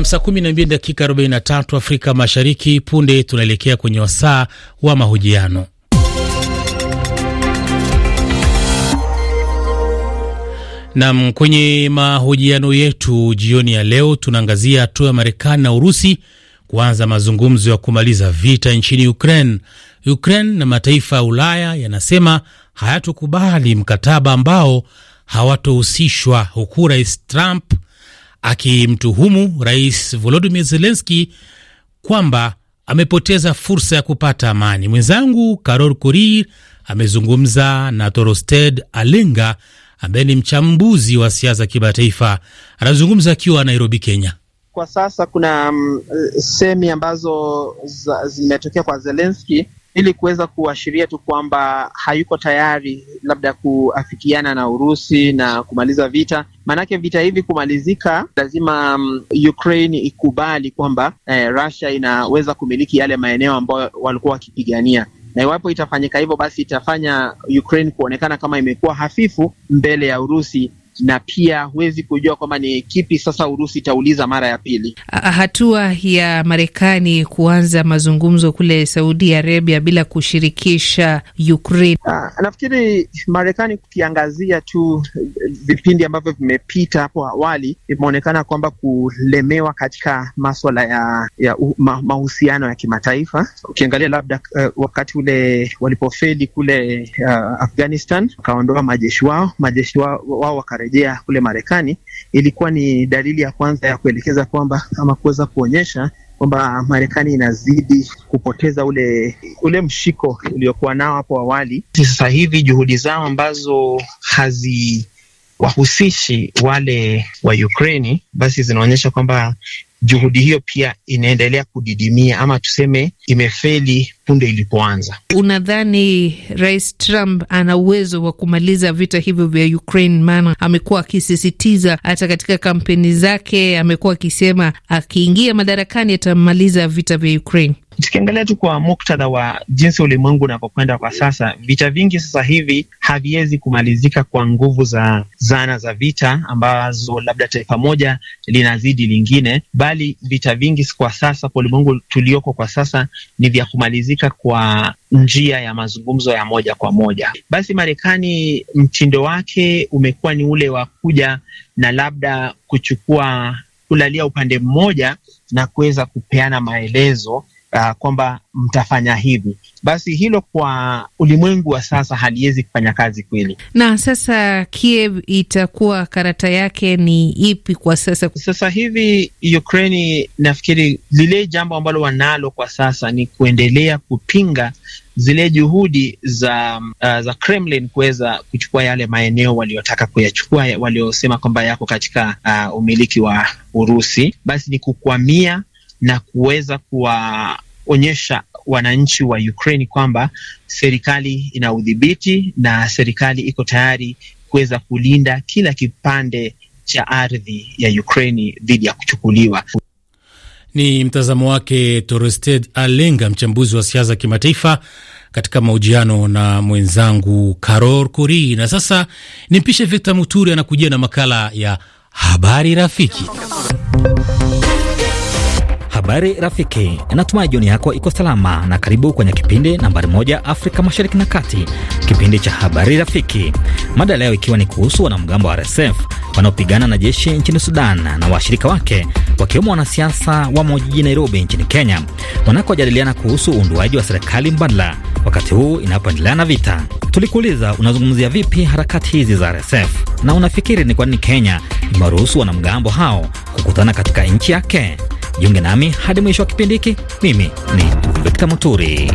na saa 12 dakika 43 Afrika Mashariki. Punde tunaelekea kwenye wasaa wa mahojiano. Nam, kwenye mahojiano yetu jioni ya leo tunaangazia hatua ya Marekani na Urusi kuanza mazungumzo ya kumaliza vita nchini Ukraine. Ukraine na mataifa ya Ulaya yanasema hayatukubali mkataba ambao hawatohusishwa, huku Rais Trump akimtuhumu Rais volodimir zelenski kwamba amepoteza fursa ya kupata amani. Mwenzangu Carol Korir amezungumza na Torosted Alenga ambaye ni mchambuzi wa siasa kimataifa, anazungumza akiwa Nairobi, Kenya. Kwa sasa kuna um, semi ambazo zimetokea kwa Zelenski ili kuweza kuashiria tu kwamba hayuko tayari labda kuafikiana na Urusi na kumaliza vita. Maanake vita hivi kumalizika, lazima um, Ukraine ikubali kwamba eh, Russia inaweza kumiliki yale maeneo ambayo walikuwa wakipigania na iwapo itafanyika hivyo, basi itafanya Ukraine kuonekana kama imekuwa hafifu mbele ya Urusi na pia huwezi kujua kwamba ni kipi sasa Urusi itauliza mara ya pili. Hatua ya Marekani kuanza mazungumzo kule Saudi Arabia bila kushirikisha Ukraine, ah, nafikiri Marekani kukiangazia tu vipindi ambavyo vimepita hapo awali, imeonekana kwamba kulemewa katika maswala ya, ya ma, mahusiano ya kimataifa. Ukiangalia labda uh, wakati ule walipofeli kule uh, Afghanistan, wakaondoa majeshi wao, majeshi wao wakare kurejea kule Marekani ilikuwa ni dalili ya kwanza ya kuelekeza kwamba ama kuweza kuonyesha kwamba Marekani inazidi kupoteza ule ule mshiko uliokuwa nao hapo awali. Sasa hivi juhudi zao ambazo haziwahusishi wale wa Ukraini basi zinaonyesha kwamba juhudi hiyo pia inaendelea kudidimia ama tuseme imefeli punde ilipoanza. Unadhani Rais Trump ana uwezo wa kumaliza vita hivyo vya Ukraine? Maana amekuwa akisisitiza hata katika kampeni zake, amekuwa akisema akiingia madarakani atamaliza vita vya Ukraine tukiangalia tu kwa muktadha wa jinsi ulimwengu unavyokwenda kwa sasa, vita vingi sasa hivi haviwezi kumalizika kwa nguvu za zana za vita ambazo labda taifa moja linazidi lingine, bali vita vingi kwa sasa kwa ulimwengu tulioko kwa sasa ni vya kumalizika kwa njia ya mazungumzo ya moja kwa moja. Basi Marekani mtindo wake umekuwa ni ule wa kuja na labda kuchukua kulalia upande mmoja na kuweza kupeana maelezo uh, kwamba mtafanya hivi, basi hilo kwa ulimwengu wa sasa haliwezi kufanya kazi kweli. Na sasa Kiev itakuwa karata yake ni ipi kwa sasa? Sasa hivi Ukraini, nafikiri lile jambo ambalo wanalo kwa sasa ni kuendelea kupinga zile juhudi za uh, za Kremlin kuweza kuchukua yale maeneo waliotaka kuyachukua, waliosema kwamba yako katika uh, umiliki wa Urusi, basi ni kukwamia na kuweza kuwaonyesha wananchi wa Ukraine kwamba serikali ina udhibiti na serikali iko tayari kuweza kulinda kila kipande cha ardhi ya Ukraine dhidi ya kuchukuliwa. Ni mtazamo wake Torested Alenga, mchambuzi wa siasa kimataifa, katika mahojiano na mwenzangu Karor Kori. Na sasa nimpishe Victor Muturi anakujia na makala ya habari rafiki. Habari rafiki, natumai jioni yako iko salama na karibu kwenye kipindi nambari moja Afrika Mashariki na Kati, kipindi cha Habari Rafiki. Mada leo ikiwa ni kuhusu wanamgambo wa RSF wanaopigana na jeshi nchini Sudan na washirika wake wakiwemo wanasiasa wamo jijini Nairobi nchini Kenya, wanakojadiliana kuhusu uunduaji wa serikali mbadala wakati huu inapoendelea na vita. Tulikuuliza, unazungumzia vipi harakati hizi za RSF na unafikiri ni kwa nini Kenya imewaruhusu wanamgambo hao kukutana katika nchi yake? Jiunge nami hadi mwisho wa kipindi hiki. Mimi ni Victor Muturi.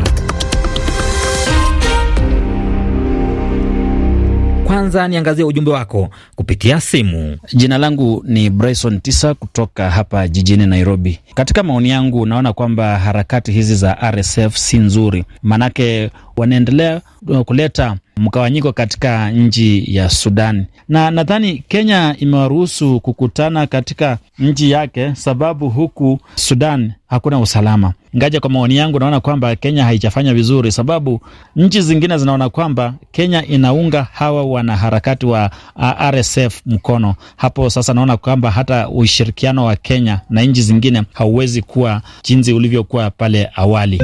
Kwanza niangazie ujumbe wako kupitia simu. Jina langu ni Bryson Tisa kutoka hapa jijini Nairobi. Katika maoni yangu, naona kwamba harakati hizi za RSF si nzuri, manake wanaendelea uh, kuleta mgawanyiko katika nchi ya Sudani, na nadhani Kenya imewaruhusu kukutana katika nchi yake, sababu huku Sudan hakuna usalama. Ngaja, kwa maoni yangu, naona kwamba Kenya haijafanya vizuri, sababu nchi zingine zinaona kwamba Kenya inaunga hawa wanaharakati wa uh, RSF mkono. Hapo sasa naona kwamba hata ushirikiano wa Kenya na nchi zingine hauwezi kuwa jinsi ulivyokuwa pale awali.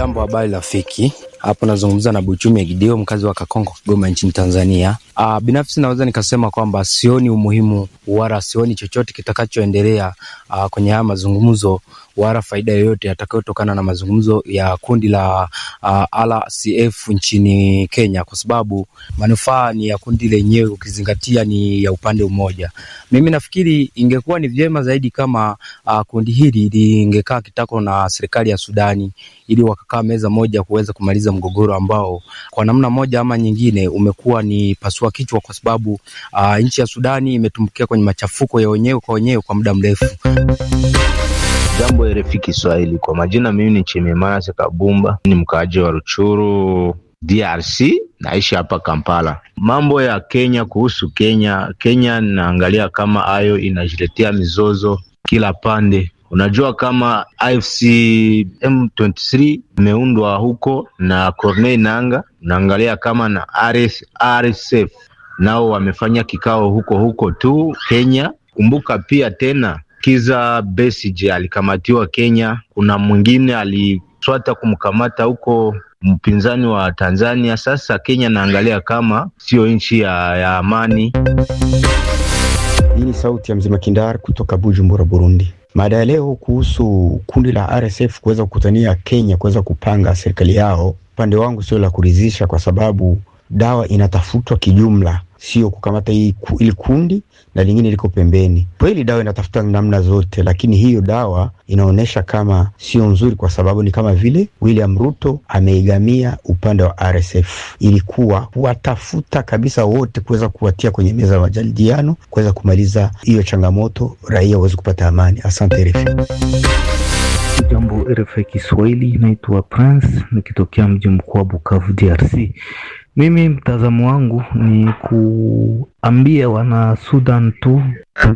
Jambo, habari rafiki. Hapo nazungumza na Buchumi Gidio, mkazi wa Kakonko, Kigoma nchini Tanzania. Aa, ah, binafsi naweza nikasema kwamba sioni umuhimu wala sioni chochote kitakachoendelea ah, kwenye haya mazungumzo wala faida yoyote atakayotokana na mazungumzo ya kundi la uh, RCF nchini Kenya, kwa sababu manufaa ni ya kundi lenyewe, ukizingatia ni ya upande mmoja. Mimi nafikiri ingekuwa ni vyema zaidi kama uh, kundi hili lingekaa kitako na serikali ya Sudani ili wakakaa meza moja kuweza kumaliza mgogoro ambao kwa namna moja ama nyingine umekuwa ni pasua kichwa, kwa sababu uh, nchi ya Sudani imetumbukia kwenye machafuko ya wenyewe kwa wenyewe kwa muda mrefu. Jambo RFI Kiswahili, kwa majina mimi ni Chimemase Kabumba, ni mkaaji wa Ruchuru, DRC, naishi hapa Kampala. Mambo ya Kenya, kuhusu Kenya, Kenya naangalia kama hayo inajiletea mizozo kila pande. Unajua kama AFC M23 imeundwa huko na Corneille Nanga, unaangalia kama na RS, RSF nao wamefanya kikao huko huko tu Kenya. Kumbuka pia tena Kiza Besige alikamatiwa Kenya. Kuna mwingine aliswata kumkamata huko mpinzani wa Tanzania. Sasa Kenya naangalia kama siyo nchi ya, ya amani. Hii ni sauti ya mzima Kindar kutoka Bujumbura, Burundi. Mada ya leo kuhusu kundi la RSF kuweza kukutania Kenya kuweza kupanga serikali yao, upande wangu sio la kuridhisha, kwa sababu dawa inatafutwa kijumla, sio kukamata hii ili kundi na lingine liko pembeni. Kweli dawa inatafuta namna zote, lakini hiyo dawa inaonyesha kama sio nzuri, kwa sababu ni kama vile William Ruto ameigamia upande wa RSF. Ilikuwa kuwatafuta kabisa wote kuweza kuwatia kwenye meza ya majadiliano kuweza kumaliza hiyo changamoto, raia waweze kupata amani. Asante rf Jambo RFI Kiswahili, inaitwa Prince nikitokea mji mkuu wa Bukavu, DRC. Mimi mtazamo wangu ni kuambia wana Sudan tu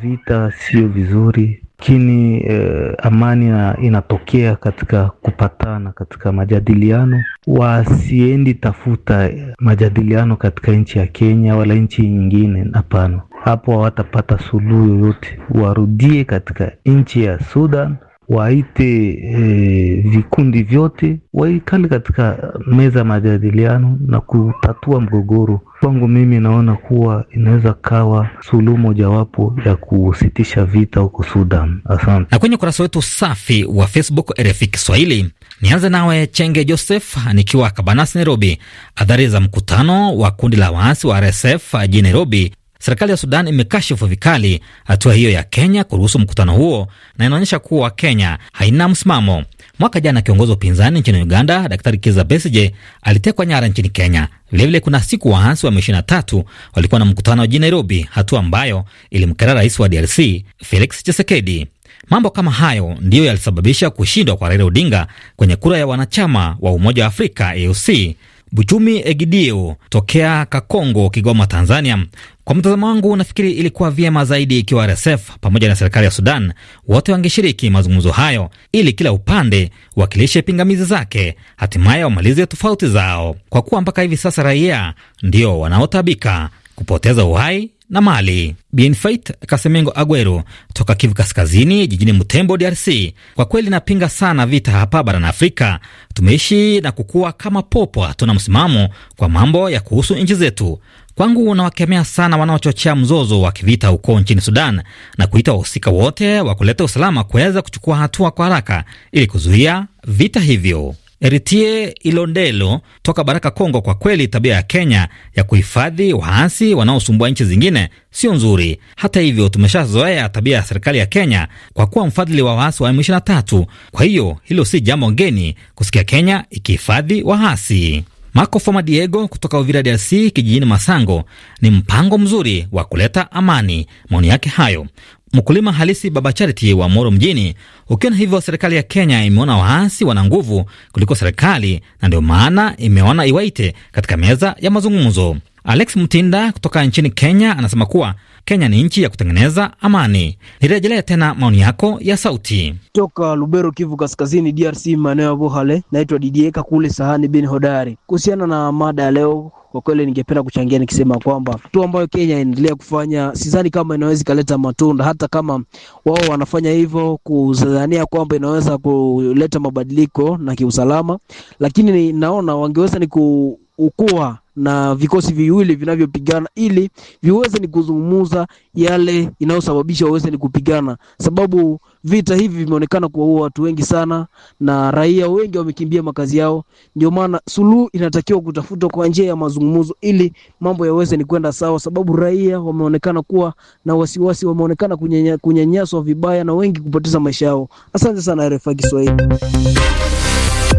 vita sio vizuri, lakini eh, amani inatokea katika kupatana, katika majadiliano. Wasiendi tafuta majadiliano katika nchi ya Kenya wala nchi nyingine, hapana. Hapo hawatapata suluhu yoyote, warudie katika nchi ya Sudan waite e, vikundi vyote waikali katika meza ya majadiliano na kutatua mgogoro. Kwangu mimi naona kuwa inaweza kawa suluhu mojawapo ya kusitisha vita huko Sudan. Asante. Na kwenye ukurasa wetu safi wa Facebook RFI Kiswahili, nianze nawe Chenge Joseph nikiwa Kabanas, Nairobi. Adhari za mkutano wa kundi la waasi wa RSF jijini Nairobi Serikali ya Sudan imekashifu vikali hatua hiyo ya Kenya kuruhusu mkutano huo na inaonyesha kuwa Kenya haina msimamo. Mwaka jana kiongozi wa upinzani nchini Uganda, Daktari Kizza Besigye alitekwa nyara nchini Kenya. Vilevile kuna siku waasi wa M23 walikuwa na mkutano jijini Nairobi, hatua ambayo ilimkera rais wa DRC Felix Tshisekedi. Mambo kama hayo ndiyo yalisababisha kushindwa kwa Raila Odinga kwenye kura ya wanachama wa Umoja wa Afrika, AUC. Buchumi Egidio tokea Kakongo, Kigoma, Tanzania, kwa mtazamo wangu, nafikiri ilikuwa vyema zaidi ikiwa RSF pamoja na serikali ya Sudan wote wangeshiriki mazungumzo hayo ili kila upande wakilishe pingamizi zake, hatimaye wamalize tofauti zao, kwa kuwa mpaka hivi sasa raia ndio wanaotabika kupoteza uhai na Mali. Bienfait Kasemengo Aguero toka Kivu Kaskazini, jijini Mutembo, DRC. Kwa kweli napinga sana vita hapa barani Afrika. Tumeishi na kukua kama popo, hatuna msimamo kwa mambo ya kuhusu nchi zetu. Kwangu nawakemea sana wanaochochea mzozo wa kivita huko nchini Sudan na kuita wahusika wote wa kuleta usalama kuweza kuchukua hatua kwa haraka ili kuzuia vita hivyo. Eritie Ilondelo toka Baraka, Kongo. Kwa kweli tabia ya Kenya ya kuhifadhi waasi wanaosumbua nchi zingine sio nzuri. Hata hivyo, tumeshazoea tabia ya serikali ya Kenya kwa kuwa mfadhili wa waasi wa M23. Kwa hiyo hilo si jambo ngeni kusikia Kenya ikihifadhi waasi. Marco Foma Diego kutoka Uvira DRC kijijini Masango, ni mpango mzuri wa kuleta amani. Maoni yake hayo mkulima halisi Baba Charity wa Moro mjini. Ukiona hivyo, serikali ya Kenya imeona waasi wana nguvu kuliko serikali na ndio maana imeona iwaite katika meza ya mazungumzo. Alex Mtinda kutoka nchini Kenya anasema kuwa Kenya ni nchi ya kutengeneza amani. Nirejelea tena maoni yako ya sauti toka Lubero, Kivu Kaskazini, DRC, maeneo ya Vohale. Naitwa Didieka kule sahani bin hodari, kuhusiana na mada ya leo kwa kweli ningependa kuchangia nikisema kwamba tu ambayo Kenya inaendelea kufanya, sidhani kama inaweza kuleta matunda, hata kama wao wanafanya hivyo kuzania kwamba inaweza kuleta mabadiliko na kiusalama, lakini naona wangeweza ni kuukua na vikosi viwili vinavyopigana ili viweze ni kuzungumuza yale inayosababisha waweze ni kupigana sababu vita hivi vimeonekana kuwaua watu wengi sana na raia wengi wamekimbia makazi yao. Ndio maana suluhu inatakiwa kutafutwa kwa njia ya mazungumzo, ili mambo yaweze ni kwenda sawa, sababu raia wameonekana kuwa na wasiwasi, wameonekana kunyanyaswa vibaya na wengi kupoteza maisha yao. Asante sana RFI Kiswahili.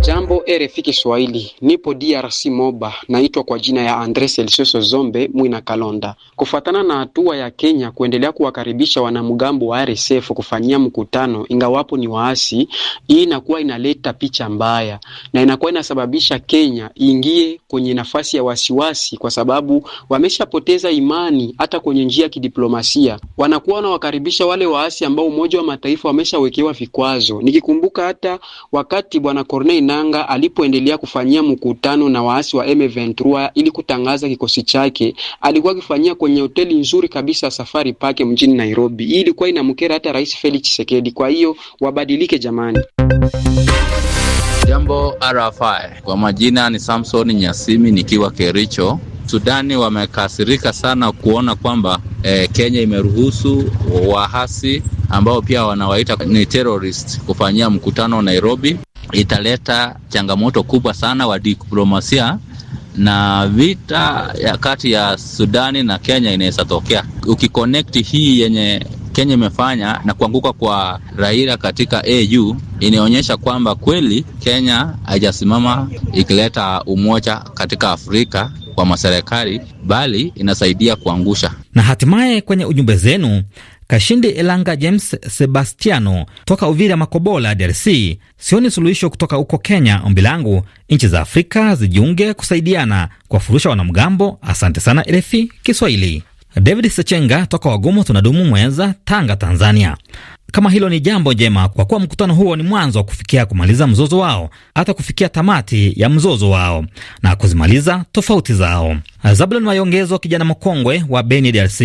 Jambo RFI Kiswahili, nipo DRC Moba, naitwa kwa jina ya Andre elsoso Zombe Mwina Kalonda. Kufuatana na hatua ya Kenya kuendelea kuwakaribisha wanamgambo wa RSF kufanyia mkutano, ingawapo ni waasi, hii inakuwa inaleta picha mbaya na inakuwa inasababisha Kenya ingie kwenye nafasi ya wasiwasi, kwa sababu wameshapoteza imani hata kwenye njia ya kidiplomasia. Wanakuwa wanawakaribisha wale waasi ambao Umoja wa Mataifa wameshawekewa vikwazo, nikikumbuka hata wakati bwana Corneille nanga alipoendelea kufanyia mkutano na waasi wa M23 ili kutangaza kikosi chake. Alikuwa akifanyia kwenye hoteli nzuri kabisa Safari Park mjini Nairobi. Hii ilikuwa inamkera hata Rais Felix Tshisekedi. Kwa hiyo wabadilike jamani. Jambo RFI, kwa majina ni Samson Nyasimi nikiwa Kericho. Sudani wamekasirika sana kuona kwamba eh, Kenya imeruhusu wahasi ambao pia wanawaita ni terrorist kufanyia mkutano Nairobi italeta changamoto kubwa sana wa diplomasia na vita ya kati ya Sudani na Kenya inaweza tokea. Ukikonekti hii yenye Kenya imefanya na kuanguka kwa Raila katika AU inaonyesha kwamba kweli Kenya haijasimama ikileta umoja katika Afrika kwa maserikali, bali inasaidia kuangusha. Na hatimaye kwenye ujumbe zenu Kashindi Elanga James Sebastiano toka Uvira Makobola, DRC. Sioni suluhisho kutoka huko Kenya. Ombi langu nchi za Afrika zijiunge kusaidiana kuwafurusha wanamgambo. Asante sana RFI Kiswahili. David Sechenga toka Wagumu tunadumu Mwenza, Tanga, Tanzania. Kama hilo ni jambo njema kwa kuwa mkutano huo ni mwanzo wa kufikia kumaliza mzozo wao, hata kufikia tamati ya mzozo wao na kuzimaliza tofauti zao. Zabulon Mayongezo, kijana mkongwe wa Beni, DRC,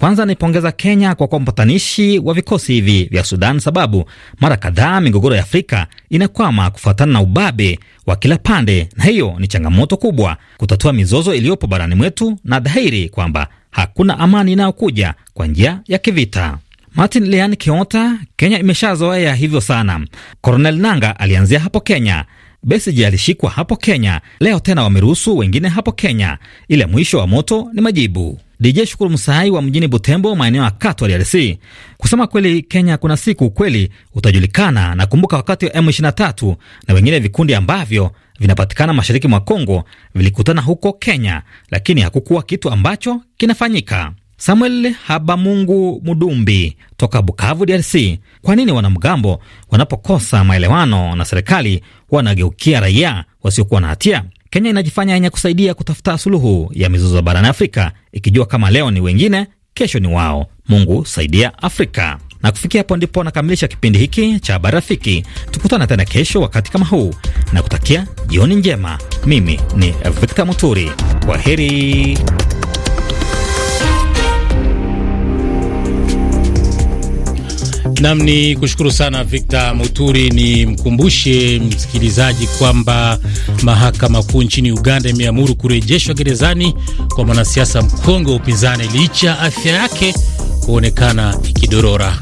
kwanza anaipongeza Kenya kwa kuwa mpatanishi wa vikosi hivi vya Sudan, sababu mara kadhaa migogoro ya Afrika inakwama kufuatana na ubabe wa kila pande, na hiyo ni changamoto kubwa kutatua mizozo iliyopo barani mwetu, na dhahiri kwamba hakuna amani inayokuja kwa njia ya kivita. Martin lean Kiota, Kenya imeshazoea hivyo sana. Coronel Nanga alianzia hapo Kenya Besigye alishikwa hapo Kenya, leo tena wameruhusu wengine hapo Kenya, ila mwisho wa moto ni majibu. DJ Shukuru Msahai wa mjini Butembo, maeneo ya Katwa, DRC. Kusema kweli, Kenya kuna siku ukweli utajulikana. Nakumbuka wakati wa M23 na wengine vikundi ambavyo vinapatikana mashariki mwa Kongo vilikutana huko Kenya, lakini hakukuwa kitu ambacho kinafanyika. Samuel Habamungu Mudumbi toka Bukavu, DRC. Kwa nini wanamgambo wanapokosa maelewano na serikali wanageukia raia wasiokuwa na hatia? Kenya inajifanya yenye kusaidia kutafuta suluhu ya mizozo barani Afrika, ikijua kama leo ni wengine, kesho ni wao. Mungu saidia Afrika. Na kufikia hapo ndipo nakamilisha kipindi hiki cha habari rafiki. Tukutana tena kesho wakati kama huu, na kutakia jioni njema. Mimi ni Victor Muturi, kwa heri. Nam ni kushukuru sana Victor Muturi. Ni mkumbushe msikilizaji kwamba mahakama kuu nchini Uganda imeamuru kurejeshwa gerezani kwa mwanasiasa mkongwe wa upinzani licha afya yake kuonekana ikidorora.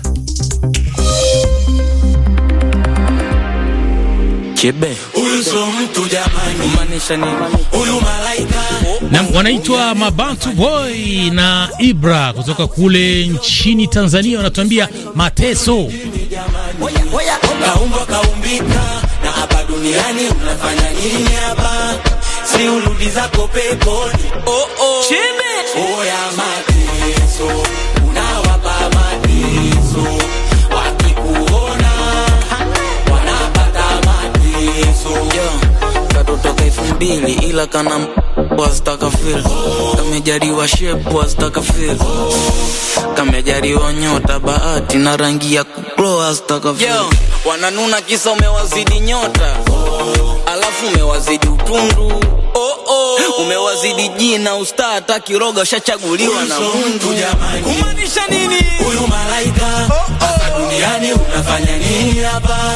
huyu sio mtu jamani, nini huyu malaika? na wanaitwa Mabantu Boy na Ibra kutoka kule nchini Tanzania, wanatuambia mateso. Kaumbwa kaumbika na hapa duniani unafanya nini hapa? Si urudi zako peponi. Oh oh. Oh ya mateso. Unawapa mateso. Wakikuona wanapata mateso. katotoka elfu mbili ila kana boss takafil, kamejaliwa shape boss takafil, kamejaliwa nyota bahati na rangi ya kublow astakafil. Wananuna kisa umewazidi nyota, alafu umewazidi utundu oh -oh. Umewazidi jina usta, hata kiroga ushachaguliwa na Mungu. Kumaanisha nini huyu malaika oh -oh. Duniani unafanya nini hapa?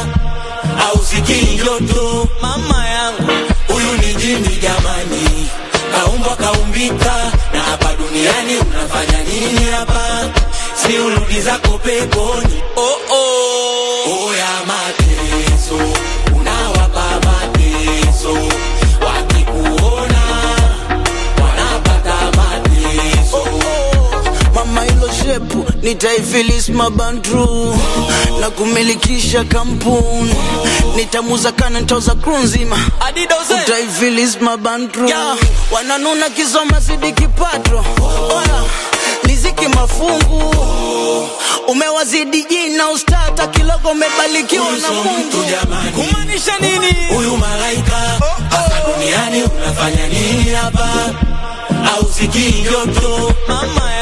Ausikii joto mama yangu, huyu ni jini jamani kaumbwa kaumbika na hapa duniani unafanya nini hapa? Si urudi zako peponi. Oh, oh. Oya mateso unawapa mateso nitaifilis mabandru na kumilikisha kampuni, nitamuza kana ntoza kru nzima utaifilis mabandru wananuna kizoma zidi kipato Ola, liziki mafungu umewazidi jina ustata kilogo umebalikiwa na Mungu kumaanisha nini huyu malaika oh, oh. duniani unafanya nini hapa au sikii joto mama ya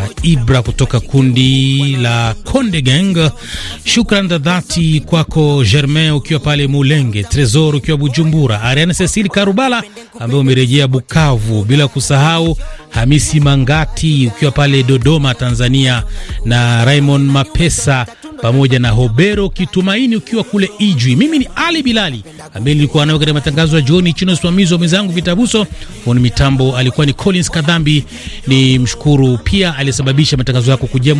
Ibra kutoka kundi la Konde Gang. Shukran za dhati kwako Germain ukiwa pale Mulenge, Tresor ukiwa Bujumbura, Ariane Cecil Karubala ambaye umerejea Bukavu, bila kusahau Hamisi Mangati ukiwa pale Dodoma Tanzania, na Raymond Mapesa pamoja na Hobero Kitumaini ukiwa kule Ijwi. Mimi ni Ali Bilali ambaye nilikuwa nawe katika matangazo ya jioni chini ya usimamizi wa mwenzangu Vitabuso. ni mitambo alikuwa ni Collins Kadhambi. Ni mshukuru pia aliyesababisha matangazo yako kuja